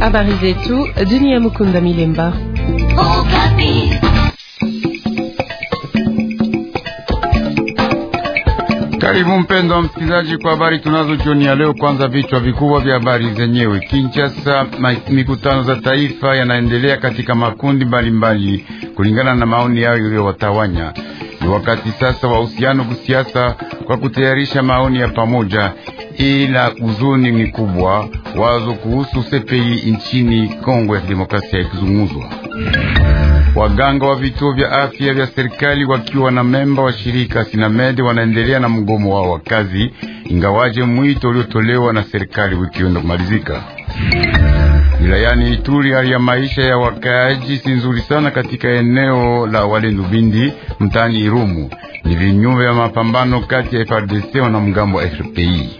Habari zetu dunia. Mukunda Milemba. Karibu mpendo wa msikilizaji kwa habari tunazo jioni ya leo. Kwanza vichwa vikubwa vya habari zenyewe. Kinshasa, mikutano za taifa yanaendelea katika makundi mbalimbali kulingana na maoni yao yaliyowatawanya. Ni wakati sasa wa uhusiano kusiasa kwa kutayarisha maoni ya pamoja ila huzuni mikubwa wazo kuhusu sepei nchini Kongo ya Kidemokrasia yakizunguzwa. Waganga wa vituo vya afya vya serikali wakiwa na memba wa shirika Sinamed wanaendelea na mgomo wao wa kazi, ingawaje mwito uliotolewa na serikali wiki kumalizika. Wilayani Ituri, hali ya maisha ya wakaaji si nzuri sana katika eneo la Walendu Bindi mtaani Irumu, ni vinyume vya mapambano kati ya FARDC na mgambo wa FPI.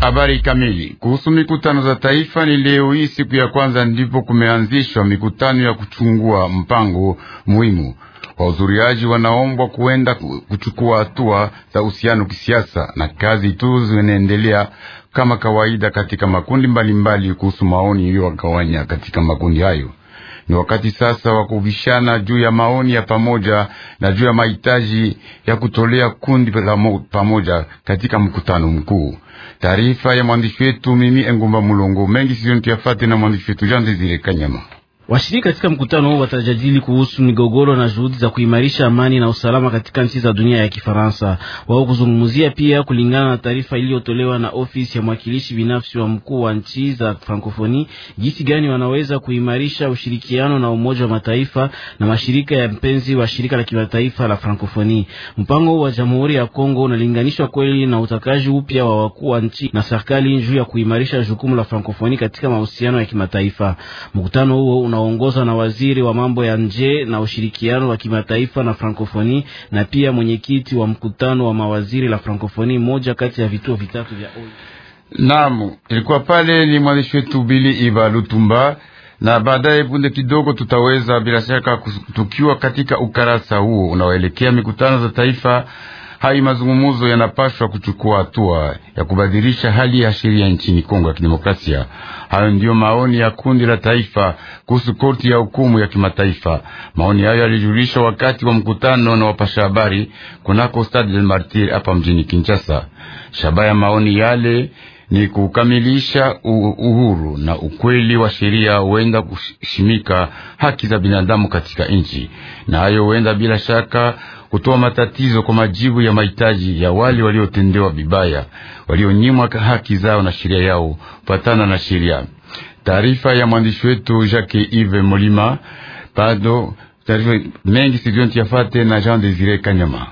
Habari kamili kuhusu mikutano za taifa ni leo hii, siku ya kwanza ndipo kumeanzishwa mikutano ya kuchungua mpango muhimu. Wahudhuriaji wanaombwa kuenda kuchukua hatua za uhusiano kisiasa, na kazi tu zinaendelea kama kawaida katika makundi mbalimbali mbali, kuhusu maoni iliyowagawanya katika makundi hayo. Ni wakati sasa wa kubishana juu ya maoni ya pamoja na juu ya mahitaji ya kutolea kundi la pamoja katika mkutano mkuu. Taarifa ya mwandishi wetu mimi Engumba Mulongo mengi sizoni tuyafate na mwandishi wetu Jean Desire Kanyama. Washiriki katika mkutano huu watajadili kuhusu migogoro na juhudi za kuimarisha amani na usalama katika nchi za dunia ya Kifaransa. Wao kuzungumzia pia, kulingana na taarifa iliyotolewa na ofisi ya mwakilishi binafsi wa mkuu wa nchi za Frankofoni, jinsi gani wanaweza kuimarisha ushirikiano na Umoja wa Mataifa na mashirika ya mpenzi wa shirika la kimataifa la Frankofoni. Mpango wa Jamhuri ya Kongo unalinganishwa kweli na utakaji upya wa wakuu wa nchi na serikali juu ya kuimarisha jukumu la Frankofoni katika mahusiano ya kimataifa. Mkutano huo una unaoongozwa na waziri wa mambo ya nje na ushirikiano wa kimataifa na Frankofoni na pia mwenyekiti wa mkutano wa mawaziri la Frankofoni, moja kati ya vituo vitatu vya OI. Naam, ilikuwa pale ni mwandishi wetu Bili Iva Lutumba, na baadaye punde kidogo tutaweza bila shaka tukiwa katika ukarasa huo unaoelekea mikutano za taifa hai mazungumuzo yanapaswa kuchukua hatua ya kubadilisha hali ya sheria nchini Kongo ya Kidemokrasia. Hayo ndiyo maoni ya kundi la taifa kuhusu korti ya hukumu ya kimataifa. Maoni hayo yalijulishwa wakati wa mkutano na wapasha habari kunako Stade del Martir hapa mjini Kinshasa. Shabaha ya maoni yale ni kukamilisha uhuru na ukweli wa sheria, huenda kushimika haki za binadamu katika nchi, na hayo huenda bila shaka kutoa matatizo kwa majibu ya mahitaji ya wale waliotendewa vibaya, walionyimwa haki zao na sheria yao patana na sheria. Taarifa ya mwandishi wetu Jacques Yves Molima. Bado taarifa mengi sivyonti yafate na Jean Desire Kanyama.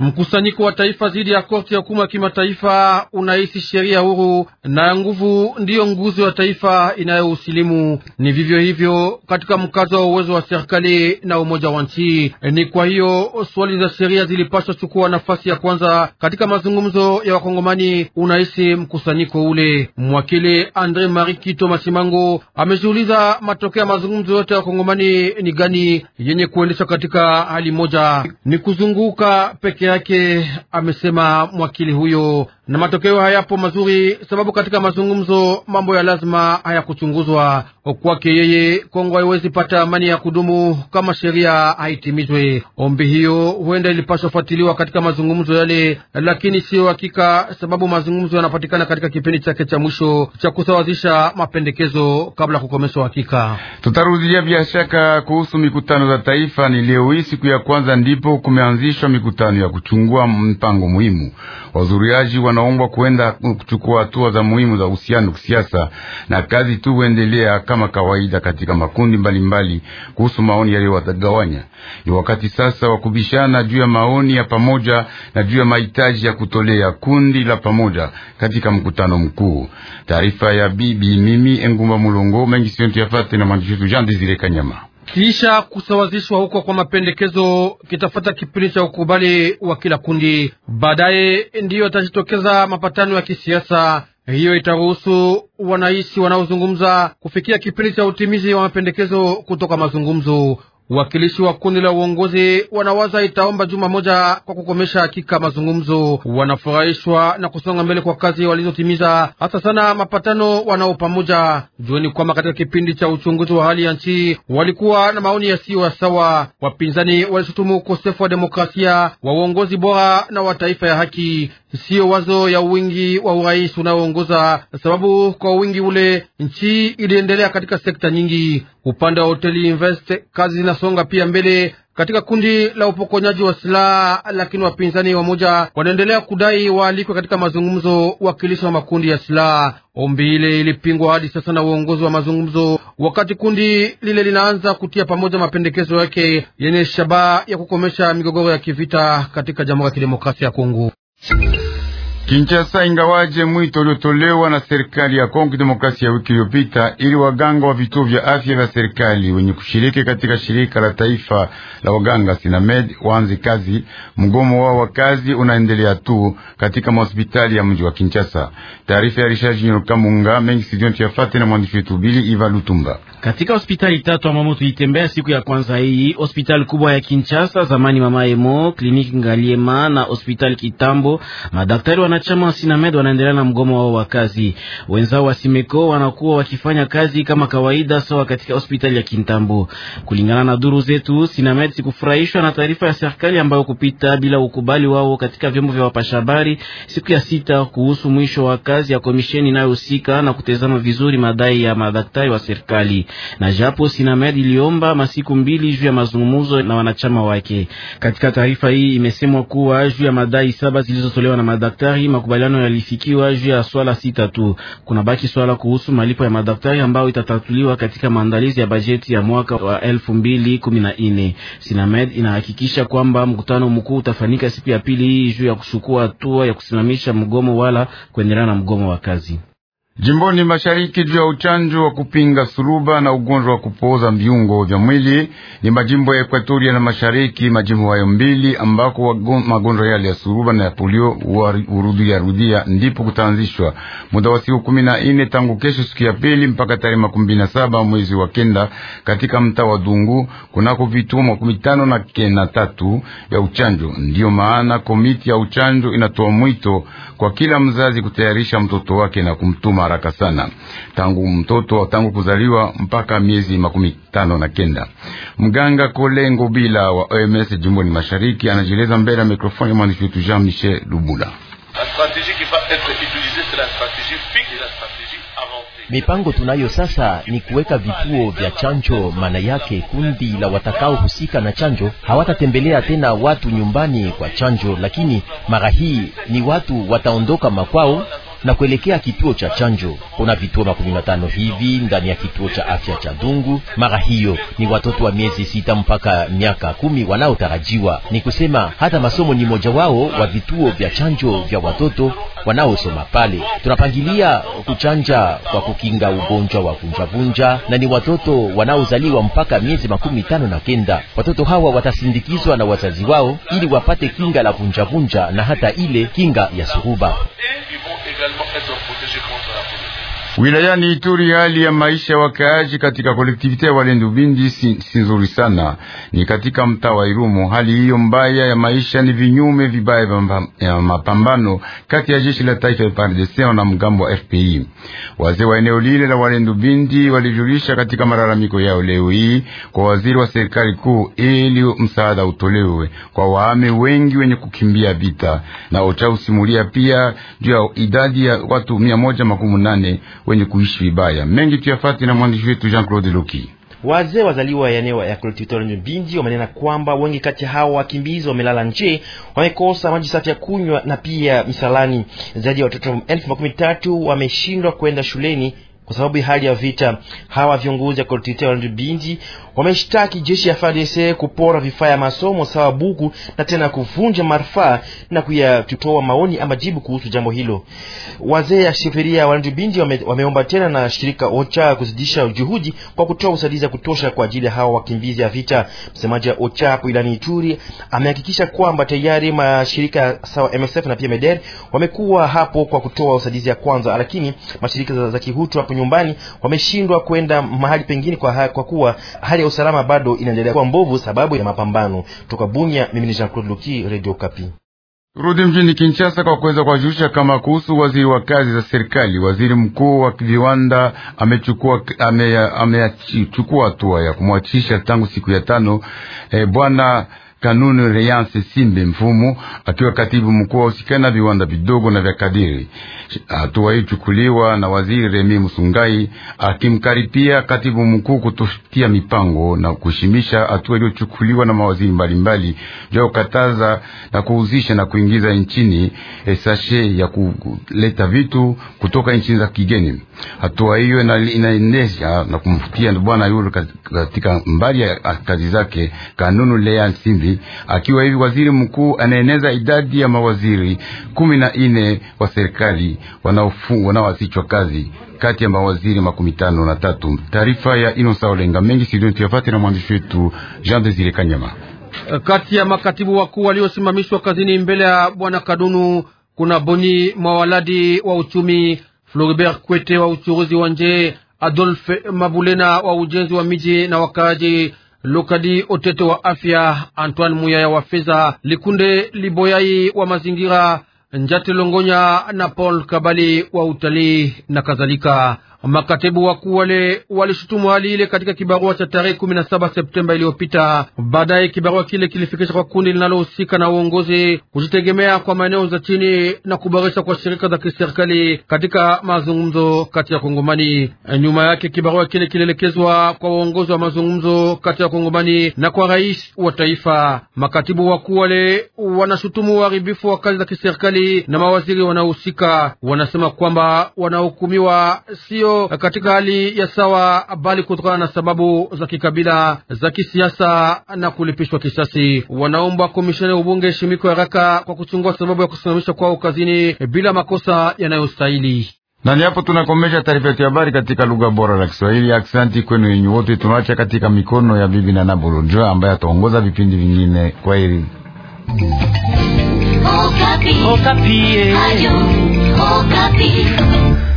Mkusanyiko wa taifa dhidi ya korti ya hukumu ya kimataifa unahisi sheria huru na nguvu ndiyo nguzo ya taifa inayousilimu. Ni vivyo hivyo katika mkazo wa uwezo wa serikali na umoja wa nchi. Ni kwa hiyo swali za sheria zilipaswa chukua nafasi ya kwanza katika mazungumzo ya Wakongomani, unahisi mkusanyiko ule. Mwakili Andre mariki Kito Masimango amejiuliza matokeo ya mazungumzo yote ya Wakongomani ni gani yenye kuendeshwa katika hali moja, ni kuzunguka peke peke yake, amesema mwakili huyo, na matokeo hayapo mazuri, sababu katika mazungumzo mambo ya lazima hayakuchunguzwa. Kwake yeye, Kongo haiwezi pata amani ya kudumu kama sheria haitimizwe. Ombi hiyo huenda ilipaswa fuatiliwa katika mazungumzo yale, lakini siyo hakika, sababu mazungumzo yanapatikana katika kipindi chake cha mwisho cha kusawazisha mapendekezo kabla kukomeshwa. Hakika tutarudia bila shaka kuhusu mikutano za taifa. Ni leo hii siku ya kwanza ndipo kumeanzishwa mikutano ya kuchungua mpango muhimu. Wazuriaji wanaombwa kuenda kuchukua hatua za muhimu za uhusiano kisiasa na kazi tu huendelea kama kawaida katika makundi mbalimbali kuhusu maoni yaliyowatagawanya. Ni wakati sasa wa kubishana juu ya maoni ya pamoja na juu ya mahitaji ya kutolea kundi la pamoja katika mkutano mkuu. Taarifa ya bibi mimi Engumba Mulongo mengi sio tuyafate na mwandishi wetu Jean Desire Kanyama. Kisha kusawazishwa huko kwa mapendekezo kitafata kipindi cha ukubali wa kila kundi. Baadaye ndiyo yatajitokeza mapatano ya kisiasa. Hiyo itaruhusu wanaishi wanaozungumza kufikia kipindi cha utimizi wa mapendekezo kutoka mazungumzo. Wakilishi wa kundi la uongozi wanawaza itaomba juma moja kwa kukomesha hakika mazungumzo. Wanafurahishwa na kusonga mbele kwa kazi walizotimiza, hasa sana mapatano wanao pamoja. Jueni kwamba katika kipindi cha uchunguzi wa hali ya nchi walikuwa na maoni yasiyo ya sawa. Wapinzani walishutumu ukosefu wa demokrasia wa uongozi bora na wa taifa ya haki, siyo wazo ya wingi wa urais unaoongoza, sababu kwa wingi ule nchi iliendelea katika sekta nyingi Upande wa hoteli Invest kazi zinasonga pia mbele katika kundi la upokonyaji wa silaha, lakini wapinzani wamoja wanaendelea kudai waalikwe katika mazungumzo wakilishi wa makundi ya silaha. Ombi ile ilipingwa hadi sasa na uongozi wa mazungumzo, wakati kundi lile linaanza kutia pamoja mapendekezo yake yenye shabaha ya kukomesha migogoro ya kivita katika Jamhuri ya Kidemokrasia ya Kongo. Kinshasa, ingawaje mwito uliotolewa na serikali ya Kongo Demokrasia ya wiki iliyopita ili waganga wa vituo vya afya vya serikali wenye kushiriki katika shirika la taifa la waganga Sinamed waanze kazi, mgomo wao wa kazi unaendelea tu katika mahospitali ya mji wa Kinshasa. Taarifa ya Richard Junior Kamunga mengi sidionti yafate na mwandishi wetu Bili Iva Lutumba. Katika hospitali tatu ambamo tulitembea siku ya kwanza hii, hospitali kubwa ya Kinshasa, zamani Mama Emo, kliniki Ngaliema na hospitali Kitambo, madaktari wana wanachama wa Sinamed wanaendelea na mgomo wao wa kazi. Wenzao wa Simeko wanakuwa wakifanya kazi kama kawaida sawa katika hospitali ya Kintambo. Kulingana na duru zetu, Sinamed sikufurahishwa na taarifa ya serikali ambayo kupita bila ukubali wao katika vyombo vya wapashabari siku ya sita kuhusu mwisho wa kazi ya komisheni inayohusika na kutazama vizuri madai ya madaktari wa serikali. Na japo Sinamed iliomba masiku mbili juu ya mazungumzo na wanachama wake. Katika taarifa hii imesemwa kuwa juu ya madai saba zilizotolewa na madaktari tayari makubaliano yalifikiwa juu ya swala sita tu. Kuna baki swala kuhusu malipo ya madaktari ambayo itatatuliwa katika maandalizi ya bajeti ya mwaka wa elfu mbili kumi na nne. Sinamed inahakikisha kwamba mkutano mkuu utafanyika siku ya pili hii juu ya kuchukua hatua ya kusimamisha mgomo wala kuendelea na mgomo wa kazi. Jimboni mashariki juu ya uchanjo wa kupinga suruba na ugonjwa wa kupooza viungo vya mwili ni majimbo ya Ekuatoria na mashariki, majimbo hayo mbili ambako magonjwa yale ya suruba na ya polio hurudia rudia, ndipo kutaanzishwa muda wa siku kumi na nne tangu kesho siku ya pili mpaka tarehe makumi na saba mwezi wa kenda katika mtaa wa Dungu kunako vituo makumi tano na kenda tatu ya uchanjo. Ndiyo maana komiti ya uchanjo inatoa mwito kwa kila mzazi kutayarisha mtoto wake na kumtuma haraka sana, tangu mtoto tangu kuzaliwa mpaka miezi makumi tano na kenda. Mganga Kolengo Bila wa OMS jimboni Mashariki anajieleza mbele ya mikrofoni ya mwandishi wetu Jean Michel Lubula. Mipango tunayo sasa ni kuweka vituo vya chanjo. Maana yake kundi la watakaohusika na chanjo hawatatembelea tena watu nyumbani kwa chanjo, lakini mara hii ni watu wataondoka makwao na kuelekea kituo cha chanjo. Kuna vituo makumi matano hivi ndani ya kituo cha afya cha Dungu. Mara hiyo ni watoto wa miezi sita mpaka miaka kumi wanaotarajiwa. Ni kusema hata masomo ni moja wao wa vituo vya chanjo vya watoto wanaosoma pale. Tunapangilia kuchanja kwa kukinga ugonjwa wa vunjavunja, na ni watoto wanaozaliwa mpaka miezi makumi tano na kenda. Watoto hawa watasindikizwa na wazazi wao ili wapate kinga la vunjavunja na hata ile kinga ya suruba. Wilayani Ituri hali ya maisha ya wakaaji katika kolektivite ya Walendu Bindi si, nzuri sana. Ni katika mtaa wa Irumu hali hiyo mbaya ya maisha ni vinyume vibaya vya mapambano kati ya jeshi la taifa ya FARDC na mgambo wa FPI. Wazee wa eneo lile la Walendu Bindi walijulisha katika malalamiko yao leo hii kwa waziri wa serikali kuu ili msaada utolewe kwa waame wengi wenye kukimbia vita. Na ochausimulia pia juu ya idadi ya watu mia moja makumi nane wenye kuishi vibaya. Mengi tuyafati na mwandishi wetu Jean Claude Loki. Wazee wazaliwa ya eneo ya Koltitorio Bindi wamenena kwamba wengi kati ya hao wakimbizi wamelala nje, wamekosa maji safi ya kunywa na pia misalani. Zaidi ya watoto elfu makumi tatu wameshindwa kwenda shuleni kwa sababu ya hali ya vita. Hawa viongozi wa koltite Bindi wameshtaki jeshi ya FARDC kupora vifaa ya masomo sawa buku na tena kuvunja marfaa na kuyatoa maoni ama jibu kuhusu jambo hilo. Wazee ya sheria wa Bindi wame, wameomba tena na shirika OCHA kuzidisha juhudi kwa kutoa usaidizi ya kutosha kwa ajili ya hawa wakimbizi ya vita. Msemaji wa OCHA hapo ilani Ituri amehakikisha kwamba tayari mashirika sawa MSF na pia MEDER wamekuwa hapo kwa kutoa usaidizi ya kwanza, lakini mashirika za, za kihutu hapo nyumbani wameshindwa kwenda mahali pengine kwa, ha, kwa kuwa hali ya usalama bado inaendelea kuwa mbovu sababu ya mapambano. Toka Bunya, mimi ni Jean Claude Luki, Radio Kapi. Rudi mjini Kinshasa kwa kuweza kuwajulisha kama kuhusu waziri wa kazi za serikali, waziri mkuu wa viwanda amechukua ame hatua ya kumwachisha tangu siku ya tano eh, bwana kanuni Leyanse Simbe Mfumu akiwa katibu mkuu wa usikani na viwanda vidogo na vya kadiri. Hatua hii chukuliwa na waziri Remi Musungai akimkaripia katibu mkuu kutufikia mipango na kushimisha hatua iliyochukuliwa na mawaziri mbalimbali juu ya kukataza na kuuzisha na kuingiza nchini sashe ya kuleta vitu kutoka nchi za kigeni. Hatua hiyo inaendesha na kumfutia bwana yule katika mbali ya kazi zake kanuni Leyanse Simbe akiwa hivi waziri mkuu anaeneza idadi ya mawaziri kumi na nne wa serikali wanaoasichwa kazi kati ya mawaziri makumi tano na tatu. Taarifa ya Inosa Olenga mengi studioni tuyafate na mwandishi wetu Jean Desire Kanyama. Eh, kati ya makatibu wakuu waliosimamishwa kazini mbele ya bwana Kadunu kuna Boni Mwawaladi wa uchumi, Floribert Kwete wa uchuruzi wa nje, Adolfe Mabulena wa ujenzi wa miji na wakaaji Lokadi Otete wa afya, Antoine Muyaya wa fedha, Likunde Liboyai wa mazingira, Njate Longonya na Paul Kabali wa utalii na kadhalika. Makatibu wakuu wale walishutumu hali ile katika kibarua cha tarehe 17 Septemba iliyopita. Baadaye kibarua kile kilifikisha kwa kundi linalohusika na uongozi kujitegemea kwa maeneo za chini na kuboresha kwa shirika za kiserikali katika mazungumzo kati ya Kongomani. Nyuma yake kibarua kile kilielekezwa kwa uongozi wa mazungumzo kati ya Kongomani na kwa rais wa taifa. Makatibu wakuu wale wanashutumu uharibifu wa kazi za kiserikali na mawaziri wanaohusika, wanasema kwamba wanahukumiwa sio hiyo katika hali ya sawa, bali kutokana na sababu za kikabila, za kisiasa na kulipishwa kisasi. Wanaomba komishina ya ubunge heshimiko haraka kwa kuchungua sababu ya kusimamishwa kwao kazini bila makosa yanayostahili na ni hapo tunakomesha taarifa yetu ya habari katika lugha bora la Kiswahili. Aksanti kwenu yenyu wote, tunawacha katika mikono ya bibi na Bolonjo ambaye ataongoza vipindi vingine. Kwa heri Okapi. Oh, Okapi. Oh,